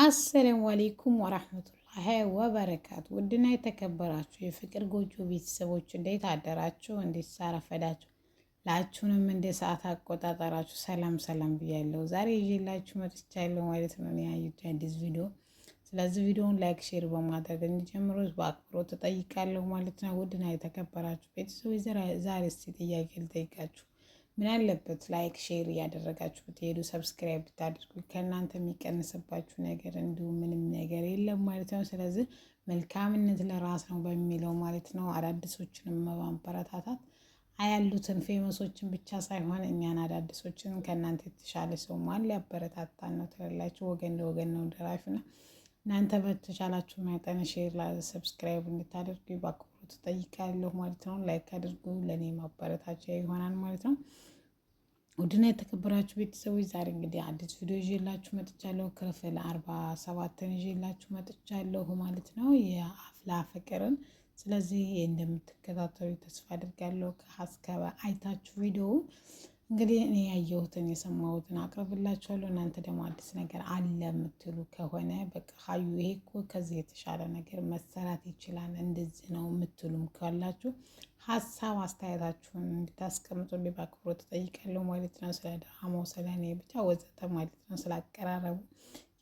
አሰላሙ አሌይኩም ወራህመቱላሂ ወበረካቱ። ውድና የተከበራችሁ የፍቅር ጎጆ ቤተሰቦች እንዴት አደራችሁ? እንዴት ሳረፈዳችሁ? ላችሁንም እንደ ሰዓት አቆጣጠራችሁ ሰላም ሰላም ብያለሁ። ዛሬ ይዤላችሁ መጥቻለሁ ማለት ነው ያዩት አዲስ ቪዲዮ። ስለዚህ ቪዲዮውን ላይክ፣ ሼር በማድረግ እንዲጀምሩ በአክብሮት እጠይቃለሁ ማለት ነው። ውድና የተከበራችሁ ቤተሰቦች ዛሬ እስኪ ጥያቄ ልጠይቃችሁ ምን አለበት ላይክ ሼር እያደረጋችሁ ብትሄዱ ሰብስክራይብ ብታደርጉ ከእናንተ የሚቀንስባችሁ ነገር እንዲሁም ምንም ነገር የለም ማለት ነው። ስለዚህ መልካምነት ለራስ ነው በሚለው ማለት ነው አዳዲሶችንም በማበረታታት ያሉትን ፌመሶችን ብቻ ሳይሆን እኛን አዳዲሶችን ከእናንተ የተሻለ ሰው ማን ሊያበረታታን ነው ትላላችሁ። ወገን ለወገን ነው ደራሽና እናንተ በተቻላችሁ መጠን ሼር ሰብስክራይብ እንድታደርጉ በአክብሮት እጠይቃለሁ ማለት ነው። ላይክ አድርጉ፣ ለእኔ ማበረታቻ ይሆናል ማለት ነው። ውድና የተከበራችሁ ቤተሰቦች ዛሬ እንግዲህ አዲስ ቪዲዮ ይዤላችሁ መጥቻለሁ። ክፍል አርባ ሰባትን ይዤላችሁ መጥቻለሁ ማለት ነው የአፍላ ፍቅርን። ስለዚህ እንደምትከታተሉ ተስፋ አድርጋለሁ። ከሀስከበ አይታችሁ ቪዲዮውን እንግዲህ እኔ ያየሁትን የሰማሁትን አቅርብላችኋለሁ። እናንተ ደግሞ አዲስ ነገር አለ የምትሉ ከሆነ በቃ ሀዩ ይሄ እኮ ከዚህ የተሻለ ነገር መሰራት ይችላል እንደዚህ ነው የምትሉም ካላችሁ ሀሳብ አስተያየታችሁን እንድታስቀምጡልኝ በአክብሮት እጠይቃለሁ ማለት ነው። ስለ ድራማው፣ ስለ እኔ ብቻ ወዘተ ማለት ነው። ስለ አቀራረቡ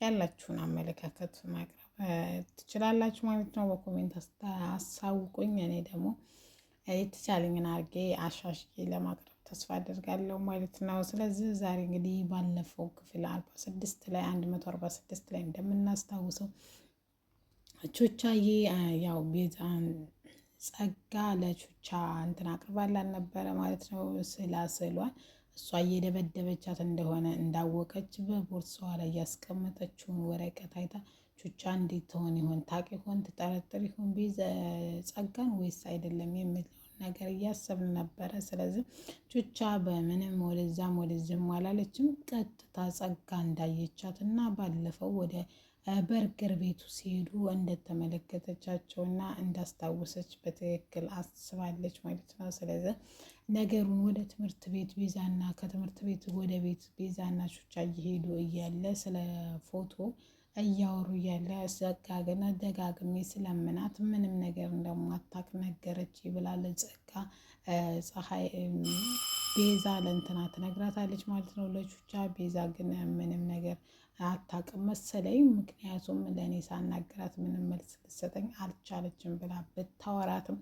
ያላችሁን አመለካከት ማቅረብ ትችላላችሁ ማለት ነው። በኮሜንት አሳውቁኝ። እኔ ደግሞ የተቻለኝን አድርጌ አሻሽጌ ለማቅረብ ተስፋ አደርጋለሁ ማለት ነው። ስለዚህ ዛሬ እንግዲህ ባለፈው ክፍል አርባ ስድስት ላይ አንድ መቶ አርባ ስድስት ላይ እንደምናስታውሰው ቾቻዬ ያው ቤዛን ጸጋ ለቾቻ እንትን አቅርባላት ነበረ ማለት ነው። ስላ ስሏል እሷ እየደበደበቻት እንደሆነ እንዳወቀች በቦርሳዋ ላይ ያስቀመጠችውን ወረቀት አይታ ቹቻ እንዴት ትሆን ይሆን ታቂ ይሆን ትጠረጥር ይሆን ጸጋን ወይስ አይደለም የሚል ነገር እያሰብን ነበረ። ስለዚህ ቹቻ በምንም ወደዛም ወደዚህም አላለችም። ቀጥታ ጸጋ እንዳየቻት እና ባለፈው ወደ በርገር ቤቱ ሲሄዱ እንደተመለከተቻቸው እና እንዳስታወሰች በትክክል አስባለች ማለት ነው። ስለዚህ ነገሩን ወደ ትምህርት ቤት ቤዛና ከትምህርት ቤት ወደ ቤት ቤዛና ቹቻ እየሄዱ እያለ ስለ ፎቶ እያወሩ ያለ ጸጋ ግን ደጋግሜ ስለምናት ምንም ነገር እንደማታቅ ነገረች ብላለች። ጸጋ ፀሐይ ቤዛ ለእንትና ትነግራታለች ማለት ነው ለቹቻ። ቤዛ ግን ምንም ነገር አታውቅም መሰለኝ። ምክንያቱም ለእኔ ሳናገራት ምንም መልስ ልሰጠኝ አልቻለችም ብላ ብታወራትም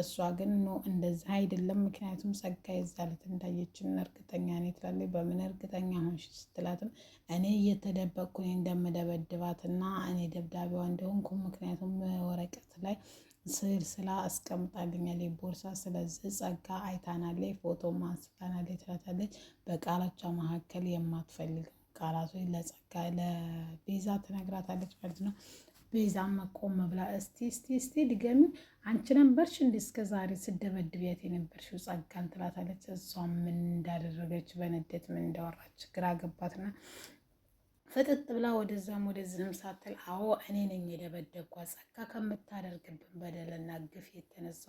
እሷ ግን ኖ እንደዚህ አይደለም፣ ምክንያቱም ጸጋ የዛለት እንዳየችን እርግጠኛ እኔ ትላለች። በምን እርግጠኛ ሆንሽ ስትላትም እኔ እየተደበቅኩ እንደምደበድባት እንደምደበድባትና እኔ ደብዳቤዋ እንደሆንኩ ምክንያቱም ወረቀት ላይ ስል ስላ አስቀምጣልኛል ቦርሳ። ስለዚህ ጸጋ አይታናለች፣ ፎቶ ማስታናለች ትላታለች። በቃላቸው መካከል የማትፈልገው ቃላቶች ለጸጋ ለቤዛ ትነግራታለች ማለት ነው። ቤዛ መቆም ብላ እስቲ እስቲ እስቲ ድገሚ አንቺ ነበርሽ እንዲ እስከ ዛሬ ስደበድቢያት የነበርሽው ጸጋን ትላታለች። እሷ ምን እንዳደረገች በንዴት ምን እንዳወራች ግራ ገባትና ፍጥጥ ብላ ወደዛም ወደዚህም ሳትል አዎ እኔ ነኝ የደበደብኳት ጸጋ ከምታደርግብን በደልና ግፍ የተነሳ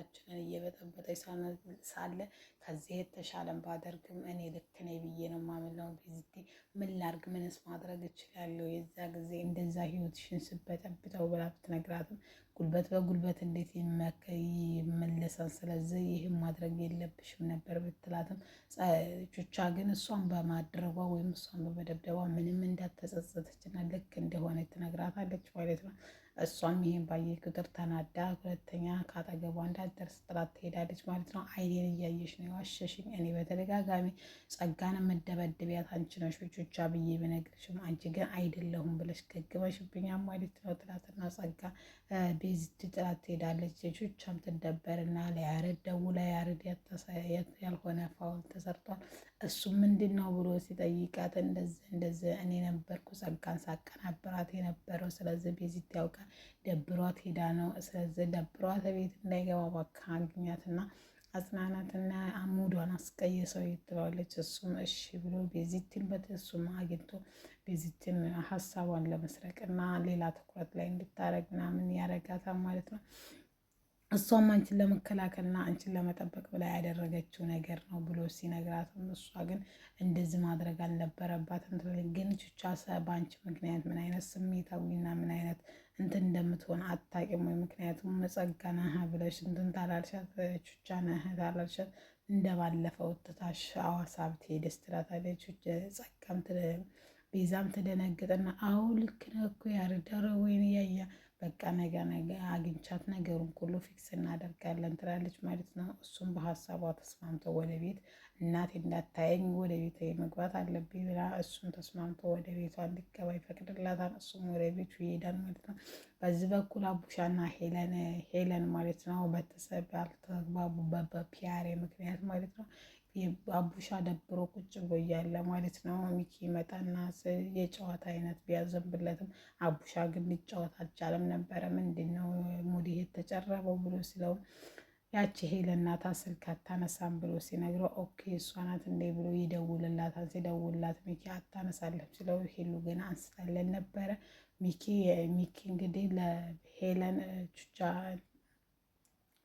ህይወታችንን እየበጠበጠ ሳለ ከዚህ የተሻለን ባደርግም እኔ ልክ ነኝ ብዬ ነው ማምለው። ቤዝቲ ምን ላርግ? ምንስ ማድረግ እችላለሁ? የዛ ጊዜ እንደዛ ህይወትሽን ስበጠብጠው ብላ ብትነግራትም ጉልበት በጉልበት እንዴት ይመለሳል? ስለዚህ ይህም ማድረግ የለብሽም ነበር ብትላትም ቹቻ ግን እሷን በማድረጓ ወይም እሷን በመደብደቧ ምንም እንዳተጸጸተችና ልክ እንደሆነ ትነግራታለች ማለት ነው። እሷም ይሄን ባየ ቁጥር ተናዳ ሁለተኛ ካጠገቧ እንዳትደርስ ጥላት ትሄዳለች ማለት ነው። አይኔን እያየሽ ነው የዋሸሽኝ። እኔ በተደጋጋሚ ጸጋን የምደበድቢያት አንቺ ነሽ ብቾቿ ብዬ ብነግርሽም አንቺ ግን አይደለሁም ብለሽ ገግበሽብኛል ማለት ነው። ጥላትና ጸጋ ቤዝድ ጥላት ትሄዳለች። ቹቻም ትደበርና ለያረድ ደውላ ያረድ ያልሆነ ፋውል ተሰርቷል። እሱ ምንድን ነው ብሎ ሲጠይቃት እንደዚህ እንደዚህ እኔ ነበርኩ ጸጋን ሳቀናብራት የነበረው ስለዚህ ቤዝድ ያውቃል ደብሯት ሄዳ ነው። ስለዚህ ደብሯት ቤት እንዳይገባ ባካ አግኛትና አጽናናትና አሙዷን አስቀየሰው ይትለዋለች። እሱም እሺ ብሎ ቤዚትን በተሱም አግኝቶ ቤዚትን ሀሳቧን ለመስረቅና ሌላ ትኩረት ላይ እንድታረግ ምናምን ያረጋታል ማለት ነው። እሷም አንቺን ለመከላከልና አንቺን ለመጠበቅ ብላ ያደረገችው ነገር ነው ብሎ ሲነግራትም እሷ ግን እንደዚህ ማድረግ አልነበረባትም ትላለች። ግን ቹቻ በአንቺ ምክንያት ምን አይነት ስሜታዊና ምን አይነት እንትን እንደምትሆን አታቂም ወይ? ምክንያቱም መጸጋ ነህ ብለሽ እንትን ታላልሻት ቹቻ ነህ ታላልሻት ባለፈው ትታሽ አዋሳ ብትሄደስ ትላታለች። ጸጋም ቤዛም ትደነግጥና አዎ ልክ ነህ እኮ ያርዳረ ወይን እያያ በቃ ነገ ነገ አግኝቻት ነገሩን ሁሉ ፊክስ እናደርጋለን ትላለች ማለት ነው። እሱም በሀሳቧ ተስማምቶ ወደ ቤት እናቴ እንዳታየኝ ወደ ቤት መግባት አለብኝ ብላ እሱም ተስማምቶ ወደ ቤቷ እንዲገባ ይፈቅድላታል። እሱም ወደ ቤቱ ይሄዳል ማለት ነው። በዚህ በኩል አቡሻና ሄለን ሄለን ማለት ነው በተሰብ አልተግባቡበት በፒያሬ ምክንያት ማለት ነው አቡሻ ደብሮ ቁጭ ብሎ እያለ ማለት ነው። ሚኪ መጣና የጨዋታ አይነት ቢያዘንብለትም አቡሻ ግን ሊጫወት አልቻለም ነበረ። ምንድን ነው ሙድ የተጨረበው ብሎ ሲለውም ያቺ ሄለን ስልክ አታነሳም ብሎ ሲነግረው ኦኬ እሷ ናት እንዴ ብሎ ይደውልላታል። ሲደውልላት ሚኪ አታነሳለች ሲለው ሄሉ ግን አንስታለን ነበረ። ሚኪ ሚኪ እንግዲህ ለሄለን ቹቻ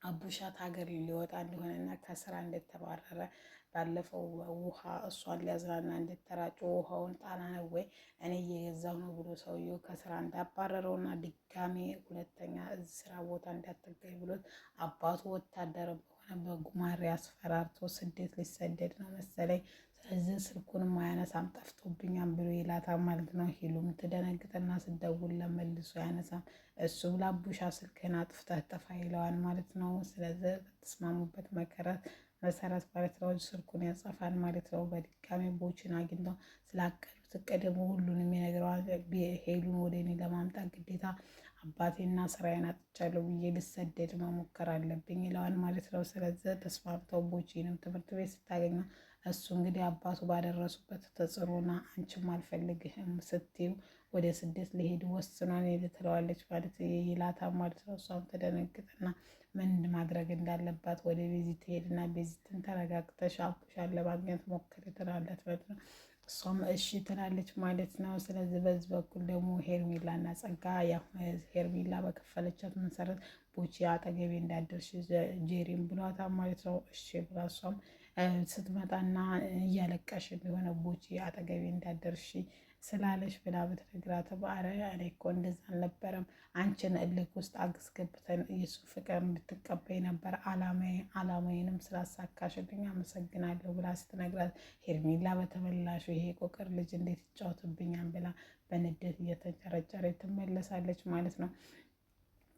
አቡሻት ሀገር ሊወጣ እንደሆነና ከስራ እንደተባረረ ባለፈው ውሃ እሷን ሊያዝናና እንድትራጩ ውሃውን ጣና ነው ወይ እኔ እየገዛሁ ነው ብሎ ሰውየው ከስራ እንዳባረረው እንዳባረረውና ድጋሜ ሁለተኛ እዚህ ስራ ቦታ እንዳትገኝ ብሎት አባቱ ወታደር በሆነ በጉማሬ አስፈራርቶ ስደት ሊሰደድ ነው መሰለኝ። ስለዚህ ስልኩን አያነሳም ጠፍቶብኛም ብሎ ይላታ ማለት ነው። ሂሉም ትደነግጥና ስደውል ለመልሶ አያነሳም። እሱ ላቡሻ ስልክህን አጥፍተህ ጥፋ ይለዋል ማለት ነው። ስለዚህ በተስማሙበት መከራት መሰረት ማለት ስልኩን ያጸፋል ማለት ነው። በድጋሚ ቦችን አግኝተው ስላቀዱት ትቀደሙ ሁሉንም የሚነግረዋል። ሄሉን ወደ እኔ ለማምጣት ግዴታ አባቴና ስራዬን አጥቻለሁ ብዬ ልሰደድ መሞከር አለብኝ ይለዋል ማለት ነው። ስለዚህ ተስማምተው ቦችንም ትምህርት ቤት ስታገኘ እሱ እንግዲህ አባቱ ባደረሱበት ተጽዕኖና አንቺም አልፈልግህም ስትይው ወደ ስደት ሊሄድ ወስኗን ትለዋለች ማለት ይላታ ማለት ነው። እሷም ተደነግጥና ምን ማድረግ እንዳለባት ወደ ቤዚት ትሄድና ቤዚትን ተረጋግተሽ አብኩሻን ለማግኘት ሞክሪ ትላለች ማለት ነው። እሷም እሺ ትላለች ማለት ነው። ስለዚህ በዚህ በኩል ደግሞ ሄርሜላ እና ጸጋ ያው ሄርሜላ በከፈለቻት መሰረት ቦቼ አጠገቤ እንዳደርሽ ጄሪም ብሏታ ማለት ነው። እሺ ብላ እሷም ስትመጣና እያለቀሽ እንደሆነ ቦቼ አጠገቤ እንዳደርሽ ስላለሽ ብላ ብትነግራት በአረ እኔ እኮ እንደዛ አልነበረም አንቺን እልክ ውስጥ አስገብተን እየሱ ፍቅር እንድትቀበይ ነበር አላማዬንም ስላሳካሽልኝ አመሰግናለሁ ብላ ስትነግራት ሄርሜላ በተመላሹ ይሄ ቆቅር ልጅ እንዴት ይጫወትብኛል ብላ በንዴት እየተንጨረጨረ ትመለሳለች ማለት ነው።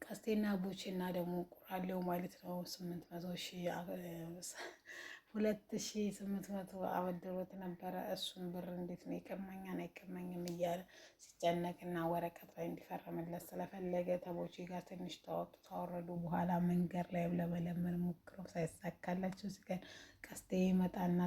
ቀስቴና ቦቼና ደግሞ ቁራሌው ማለት ነው ስምንት መቶ ሺህ ሁለት ሺ ስምንት መቶ አበድሮት ነበረ። እሱን ብር እንዴት ነው ይቀማኛል አይቀማኝም እያለ ሲጨነቅና ወረቀት ላይ እንዲፈርምለት ስለፈለገ ተቦቼ ጋር ትንሽ ተወጡ ተወረዱ በኋላ መንገድ ላይ ለመለመን ሞክረው ሳይሳካላቸው ሲቀር ቀስቴ ይመጣና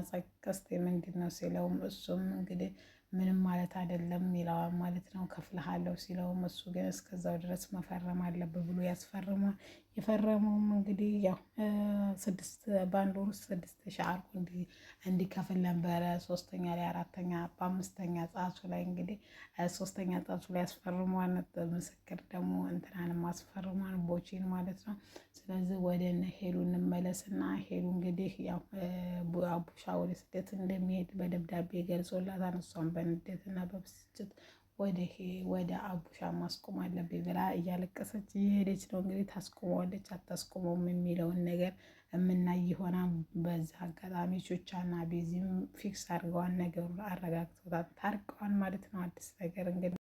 ቀስቴ ምንድን ነው ሲለውም እሱም እንግዲህ ምንም ማለት አይደለም ይለዋል ማለት ነው። ከፍልሃለሁ ሲለውም እሱ ግን እስከዛው ድረስ መፈረም አለብህ ብሎ ያስፈርሟል። የፈረመውም እንግዲህ ያው ስድስት በአንድ ወር ውስጥ ስድስት ሺህ አርጎ እንዲከፍል ነበረ። ሶስተኛ ላይ አራተኛ በአምስተኛ ጻሱ ላይ እንግዲህ ሶስተኛ ጻሱ ላይ አስፈርሟን ምስክር ደግሞ እንትናንም አስፈርሟል ቦቼን ማለት ነው። ስለዚህ ወደ ሄሉ እንመለስና ሄሉ እንግዲህ ያው አቡሻ ወደ ስደት እንደሚሄድ በደብዳቤ ገልጾላት አነሷን በንዴትና በብስጭት ወደ ወደ አቡሻ ማስቆም አለብኝ ብላ እያለቀሰች እየሄደች ነው። እንግዲህ ታስቆመዋለች አታስቆመውም የሚለውን ነገር የምናይ ይሆና። በዛ አጋጣሚ ቹቻና ቤዚም ፊክስ አድርገዋን ነገሩን አረጋግተውታል፣ ታርቀዋን ማለት ነው። አዲስ ነገር እንግዲህ